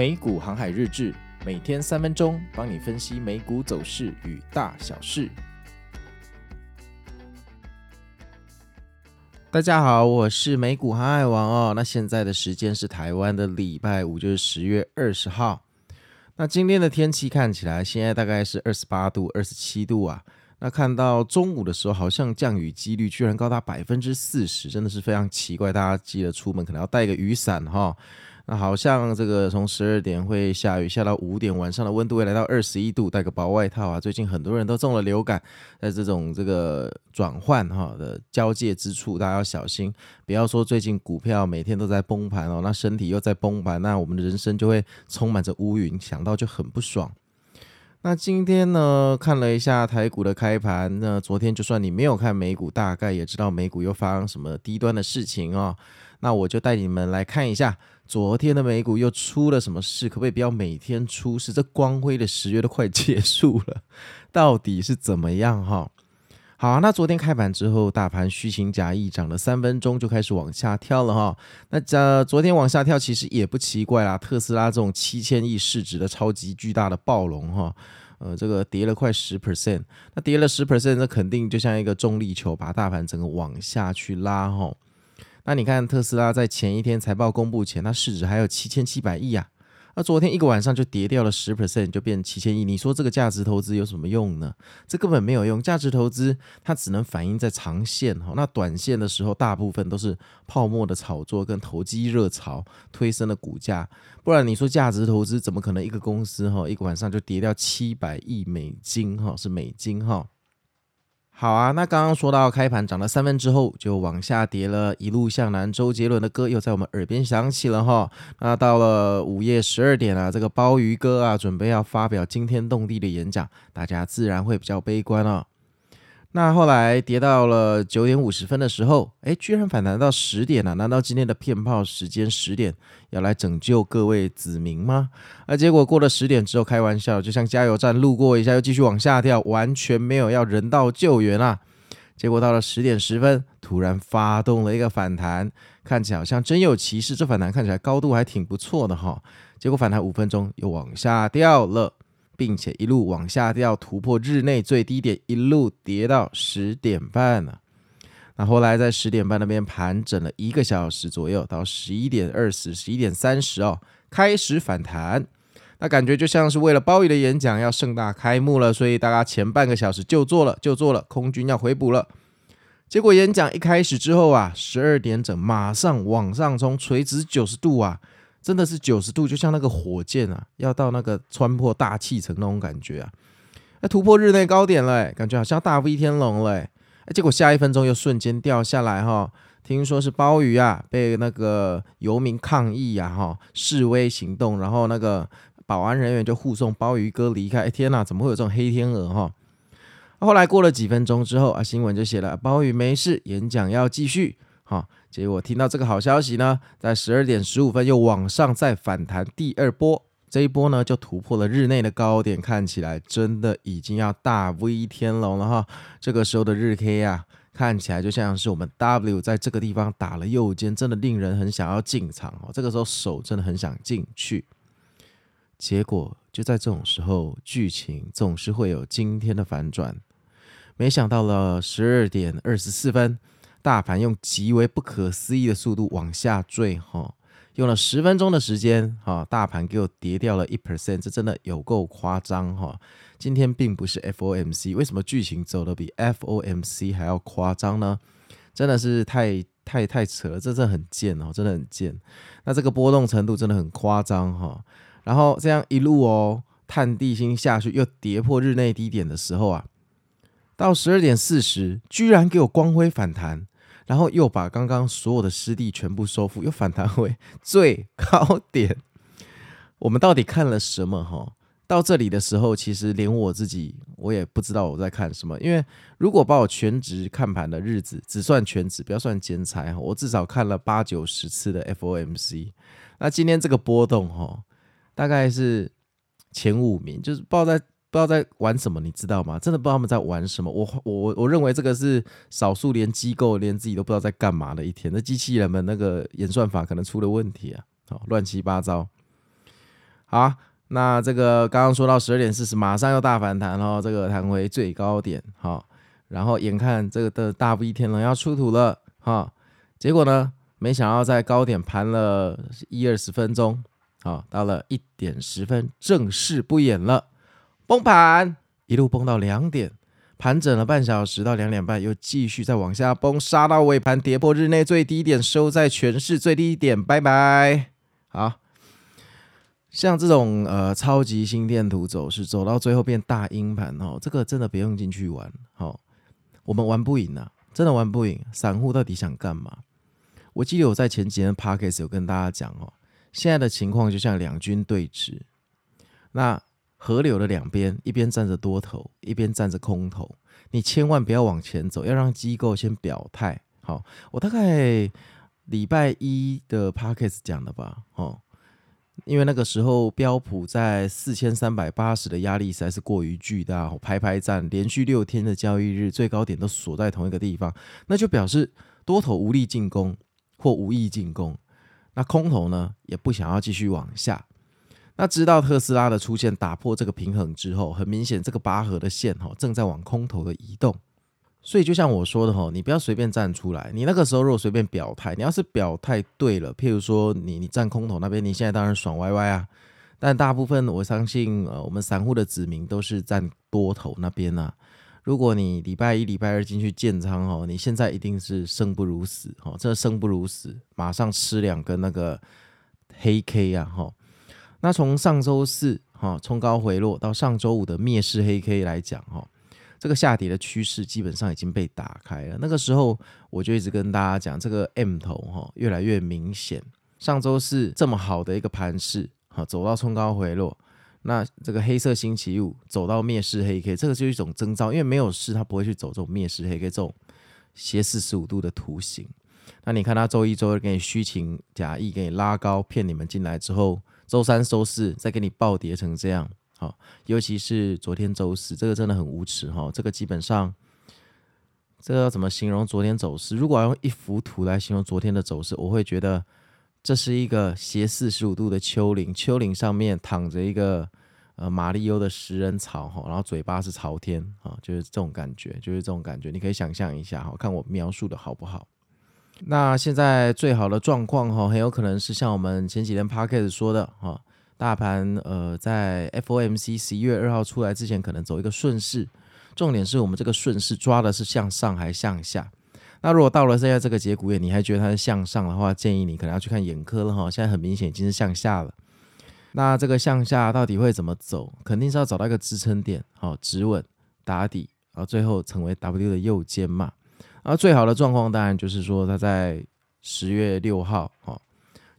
美股航海日誌，每天三分鐘，幫你分析美股走勢與大小事。大家好，我是美股航海王哦。那現在的時間是台灣的禮拜五，就是十月二十號。那今天的天氣看起來，現在大概是二十八度、二十七度啊。那看到中午的時候，好像降雨幾率居然高達百分之四十，真的是非常奇怪。大家記得出門可能要帶個雨傘哈、哦。那好像這個從十二點會下雨下到五點，晚上的溫度會來到二十一度，帶個薄外套啊。最近很多人都中了流感，在這種這個轉換哈的交界之處，大家要小心，不要說最近股票每天都在崩盤哦，那身體又在崩盤，那我們的人生就會充滿着烏雲，想到就很不爽。那今天呢，看了一下台股的開盤，那昨天就算你沒有看美股，大概也知道美股又發生什麼低端的事情啊、哦。那我就帶你們來看一下。昨天的美股又出了什麼事？可不可以不要每天出事？這光輝的十月都快結束了，到底是怎麼樣哈？好啊，那昨天開盤之後，大盤虛情假意漲了三分鐘，就開始往下跳了哈。那這，呃，昨天往下跳其實也不奇怪啦。特斯拉這種七千億市值的超級巨大的暴龍哈，呃，這個跌了快十 percent，那跌了十 percent，那肯定就像一個重力球，把大盤整個往下去拉哈。那你看特斯拉在前一天財報公布前，它市值還有七千七百億啊，那昨天一個晚上就跌掉了十 percent，就變七千億。你說這個價值投資有什麼用呢？這根本沒有用。價值投資它只能反映在長線哈，那短線的時候大部分都是泡沫的炒作跟投機熱潮推升的股價，不然你說價值投資怎麼可能一個公司哈一個晚上就跌掉七百億美金哈？是美金哈？好啊，那剛剛說到開盤漲了三分之後就往下跌了，一路向南。周杰倫的歌又在我們耳邊響起了哈、哦。那到了午夜十二點啊，這個鮑魚哥啊，準備要發表驚天動地的演講，大家自然會比較悲觀啊、哦。那後來跌到了九點五十分的時候，哎，居然反彈到十點了、啊！難道今天的騙炮時間十點要來拯救各位子民嗎？而結果過了十點之後，開玩笑，就像加油站路過一下，又繼續往下掉，完全沒有要人道救援啊！結果到了十點十分，突然發動了一個反彈，看起來好像真有其事，這反彈看起來高度還挺不錯的哈、哦。結果反彈五分鐘又往下掉了。並且一路往下掉，突破日內最低點，一路跌到十點半了、啊。那後來在十點半那邊盤整了一個小時左右，到十一點二十、十一點三十哦，開始反彈。那感覺就像是為了鮑魚的演講要盛大開幕了，所以大家前半個小時就做了，就做了。空軍要回補了。結果演講一開始之後啊，十二點整馬上往上衝，垂直九十度啊。真的是九十度，就像那個火箭啊，要到那個穿破大氣層那種感覺啊！突破日內高點了誒，感覺好像大 V 天龍了誒誒，結果下一分鐘又瞬間掉下來哈。聽說是鮑魚啊，被那個遊民抗議啊，哈，示威行動，然後那個保安人員就護送鮑魚哥離開。誒天吶，怎麼會有這種黑天鵝哈？後來過了幾分鐘之後啊，新聞就寫了：鮑魚沒事，演講要繼續哈。結果聽到這個好消息呢，在十二點十五分又往上再反彈第二波，這一波呢就突破了日內的高點，看起來真的已經要大 V 天龍了哈。這個時候的日 K 啊，看起來就像是我們 W 在這個地方打了右肩，真的令人很想要進場哦。這個時候手真的很想進去，結果就在這種時候，劇情總是會有驚天的反轉。沒想到到了十二點二十四分。大盤用極為不可思議的速度往下墜，哈，用了十分鐘的時間，哈，大盤給我跌掉了一 percent，這真的有夠誇張，哈。今天並不是 FOMC，為什麼劇情走得比 FOMC 還要誇張呢？真的是太太太扯了，這真的很賤哦，真的很賤。那這個波動程度真的很誇張，哈。然後這樣一路哦探地心下去，又跌破日內低點的時候啊，到十二點四十，居然給我光輝反彈。然後又把剛剛所有的失地全部收復，又反彈回最高點。我們到底看了什麼？哈，到這裡的時候，其實連我自己我也不知道我在看什麼。因為如果把我全職看盤的日子只算全職，不要算兼差，我至少看了八九十次的 FOMC。那今天這個波動，哈，大概是前五名，就是鮑在。不知道在玩什麼，你知道嗎？真的不知道他們在玩什麼。我我我認為這個是少數連機構連自己都不知道在幹嘛的一天。那機器人們那個演算法可能出了問題啊，亂七八糟。好，那這個剛剛說到十二點四十，馬上要大反彈哦，這個彈回最高點，好，然後眼看這個的大 V 一天能要出土了，哈，結果呢，沒想到在高點盤了一二十分鐘，好，到了一點十分正式不演了。崩盤一路崩到兩點，盤整了半小時到兩點半，又繼續再往下崩，殺到尾盤跌破日內最低點，收在全市最低點。拜拜。好像這種呃超級心電圖走勢走到最後變大陰盤哦，這個真的不用進去玩。好，哦，我們玩不贏啊，真的玩不贏。散戶到底想幹嘛？我記得我在前幾天 podcast 有跟大家講哦，現在的情況就像兩軍對峙，那。河流的兩邊，一邊站着多頭，一邊站着空頭。你千萬不要往前走，要讓機構先表態。好、哦，我大概禮拜一的 podcast 講的吧。哦，因為那個時候標普在四千三百八十的壓力實在是過於巨大、哦，排排站，連續六天的交易日最高點都鎖在同一個地方，那就表示多頭無力進攻或無意進攻。那空頭呢，也不想要繼續往下。那知道特斯拉的出現打破這個平衡之後，很明顯，這個拔河的線哈正在往空頭的移動，所以就像我說的哈，你不要隨便站出來。你那個時候如果隨便表態，你要是表態對了，譬如說你你站空頭那邊，你現在當然爽歪歪啊。但大部分我相信呃，我們散戶的子民都是站多頭那邊啊。如果你禮拜一、禮拜二進去建倉哦，你現在一定是生不如死哦，真的生不如死，馬上吃兩個那個黑 K 啊哈。那從上周四哈、哦、衝高回落到上周五的滅世黑 K 來講哈、哦，這個下跌的趨勢基本上已經被打開了。那個時候我就一直跟大家講，這個 M 頭哈、哦、越來越明顯。上周四這麼好的一個盤勢哈、哦，走到衝高回落，那這個黑色星期五走到滅世黑 K，這個就是一種徵兆，因為沒有事他不會去走這種滅世黑 K 這種斜四十五度的圖形。那你看他周一、周二給你虛情假意，給你拉高騙你們進來之後。週三、週四再給你暴跌成這樣，哈，尤其是昨天週四，這個真的很無恥哈。這個基本上，這個要怎麼形容昨天走勢？如果要用一幅圖來形容昨天的走勢，我會覺得這是一個斜四十五度的丘陵，丘陵上面躺着一個呃馬里歐的食人草哈，然後嘴巴是朝天啊，就是這種感覺，就是這種感覺，你可以想象一下哈，看我描述的好不好。那現在最好的狀況哈、哦，很有可能是像我們前幾天 Parket 說的哈、哦，大盤呃在 FOMC 十一月二號出來之前，可能走一個順勢。重點是我們這個順勢抓的是向上還向下？那如果到了現在這個節骨眼，你還覺得它是向上的話，建議你可能要去看眼科了哈、哦。現在很明顯已經是向下了。那這個向下到底會怎麼走？肯定是要找到一個支撐點，好止穩打底，然後最後成為 W 的右肩嘛。而最好的狀況當然就是說，他在十月六號，哦，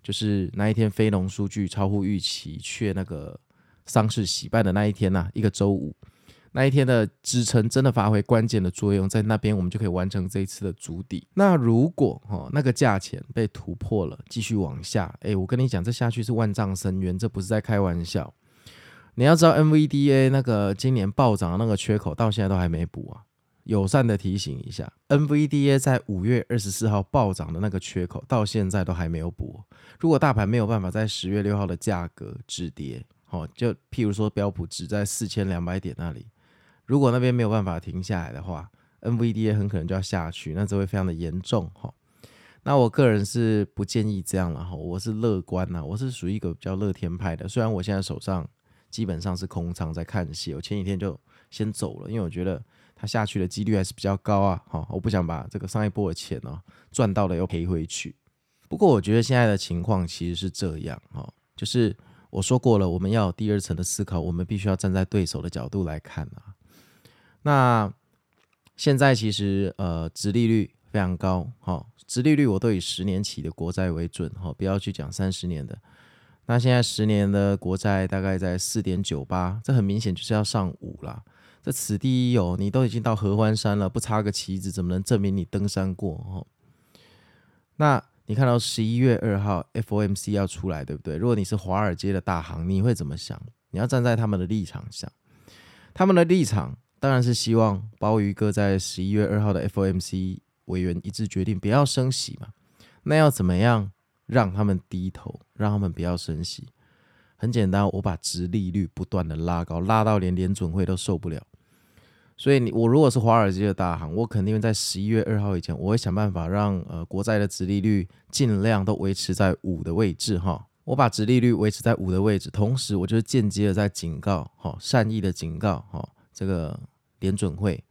就是那一天非農數據超乎預期，卻那個喪事喜辦的那一天吶、啊。一個週五，那一天的支撐真的發揮關鍵的作用，在那邊我們就可以完成這一次的築底。那如果哦，那個價錢被突破了，繼續往下，誒、欸，我跟你講，這下去是萬丈深淵，這不是在開玩笑。你要知道 NVDA 那個今年暴漲的那個缺口到現在都還沒補啊。友善的提醒一下，N V D A 在五月二十四號暴漲的那個缺口，到現在都還沒有補。如果大盤沒有辦法在十月六號的價格止跌，哦，就譬如說標普只在四千兩百點那裡，如果那邊沒有辦法停下來的話，N V D A 很可能就要下去，那就會非常的嚴重哈、哦。那我個人是不建議這樣了哈、哦，我是樂觀吶、啊，我是屬於一個比較樂天派的。雖然我現在手上基本上是空倉在看戲，我前幾天就先走了，因為我覺得。它下去的幾率還是比較高啊！好，我不想把這個上一波的錢哦賺到了，又賠回去。不過我覺得現在的情況其實是這樣哦，就是我說過了，我們要有第二層的思考，我們必須要站在對手的角度來看啊。那現在其實呃，殖利率非常高，好，殖利率我都以十年期的國債為準，好，不要去講三十年的。那現在十年的國債大概在四點九八，這很明顯就是要上五了。這此地一，哦、遊，你都已經到合歡山了，不插個旗子怎麼能證明你登山過？哦？那你看到十一月二號 FOMC 要出來，對不對？如果你是華爾街的大行，你會怎麼想？你要站在他們的立場想，他們的立場當然是希望鮑魚哥在十一月二號的 FOMC 委員一致決定不要升息嘛。那要怎麼樣讓他們低頭，讓他們不要升息？很簡單，我把殖利率不斷的拉高，拉到連聯準會都受不了。所以你我如果是華爾街的大行，我肯定會在十一月二號以前，我會想辦法讓呃國債的殖利率盡量都維持在五的位置哈。我把殖利率維持在五的位置，同時我就是間接的在警告，哈，善意的警告，哈，這個聯準會，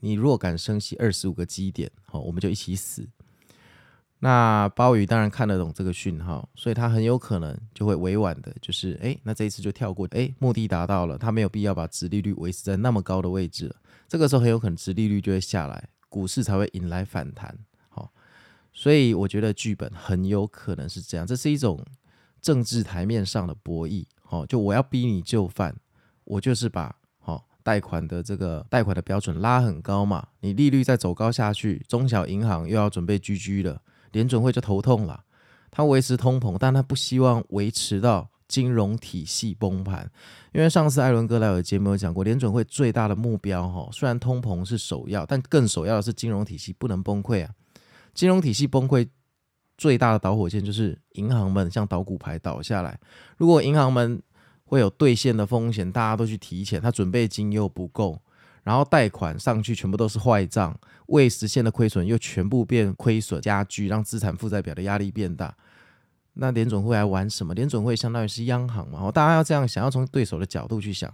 你若敢升息二十五個基點，哈，我們就一起死。那鮑魚當然看得懂這個訊號，所以他很有可能就會委婉的，就是哎，那這一次就跳過，哎，目的達到了，他沒有必要把殖利率維持在那麼高的位置了。這個時候很有可能殖利率就會下來，股市才會引來反彈。好、哦，所以我覺得劇本很有可能是這樣，這是一種政治檯面上的博弈。哦，就我要逼你就範，我就是把哦貸款的這個貸款的標準拉很高嘛，你利率再走高下去，中小銀行又要準備 GG 了。聯準會就頭痛了，他維持通膨，但他不希望維持到金融體系崩盤，因為上次艾倫哥來我的節目有講過，聯準會最大的目標，哈，雖然通膨是首要，但更首要的是金融體系不能崩潰啊。金融體系崩潰最大的導火線就是銀行們像倒骨牌倒下來，如果銀行們會有兌現的風險，大家都去提錢，他準備金又不夠。然後貸款上去全部都是壞賬，未實現的虧損又全部變虧損加劇，讓資產負債表的壓力變大。那聯準會還玩什麼？聯準會相當於是央行嘛。哦，大家要這樣想，要從對手的角度去想，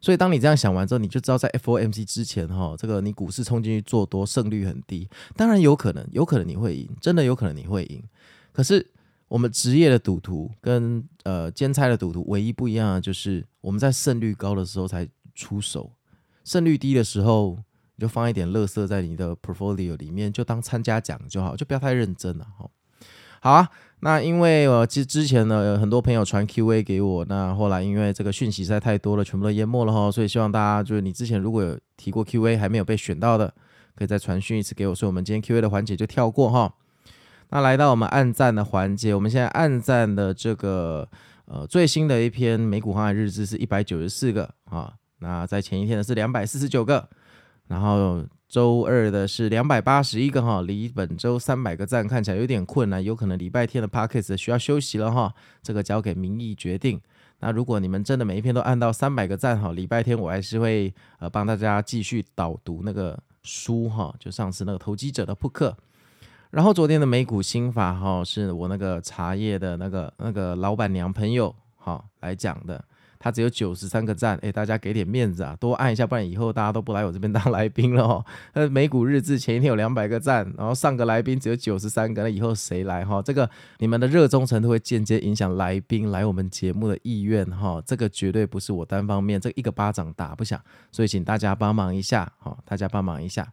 所以當你這樣想完之後，你就知道在 FOMC 之前哈，這個你股市衝進去做多，勝率很低。當然有可能，有可能你會贏，真的有可能你會贏。可是我們職業的賭徒跟呃兼差的賭徒唯一不一樣的就是我們在勝率高的時候才出手。勝率低的時候，你就放一點樂色在你的 portfolio 裡面，就當參加獎就好，就不要太認真了。好，好啊。那因為呃，其實之前呢，有很多朋友傳 Q A 給我，那後來因為這個訊息實在太多了，全部都淹沒了哈，所以希望大家就是你之前如果有提過 Q A 還沒有被選到的，可以再傳訊一次給我。所以我們今天 Q A 的環節就跳過哈。那來到我們按讚的環節，我們現在按讚的這個呃最新的一篇美股航海日誌是一百九十四個啊。那在前一天的是兩百四十九個，然後週二的是兩百八十一個哈，離本週三百個讚看起來有點困難，有可能禮拜天的 Podcast 需要休息了哈，這個交給民意決定。那如果你們真的每一篇都按到三百個讚哈，禮拜天我還是會呃幫大家繼續導讀那個書哈，就上次那個《投機者的撲克》，然後昨天的美股心法哈是我那個茶葉的那個那個老闆娘朋友哈來講的。它只有九十三個贊，誒，大家給點面子啊，多按一下，不然以後大家都不來我這邊當來賓了哦。那美股日誌前一天有兩百個贊，然後上個來賓只有九十三個，那以後誰來哈？這個你們的熱衷程度會間接影響來賓來我們節目的意願哈，這個絕對不是我單方面，這一個巴掌打不響，所以請大家幫忙一下哈，大家幫忙一下。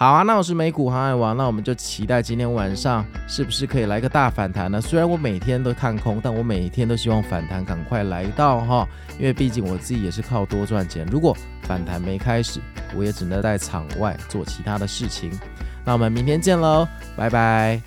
好啊，那我是美股航海王，那我們就期待今天晚上是不是可以來個大反彈呢？雖然我每天都看空，但我每天都希望反彈趕快來到哈，因為畢竟我自己也是靠多賺錢。如果反彈沒開始，我也只能在場外做其他的事情。那我們明天見嘍，拜拜。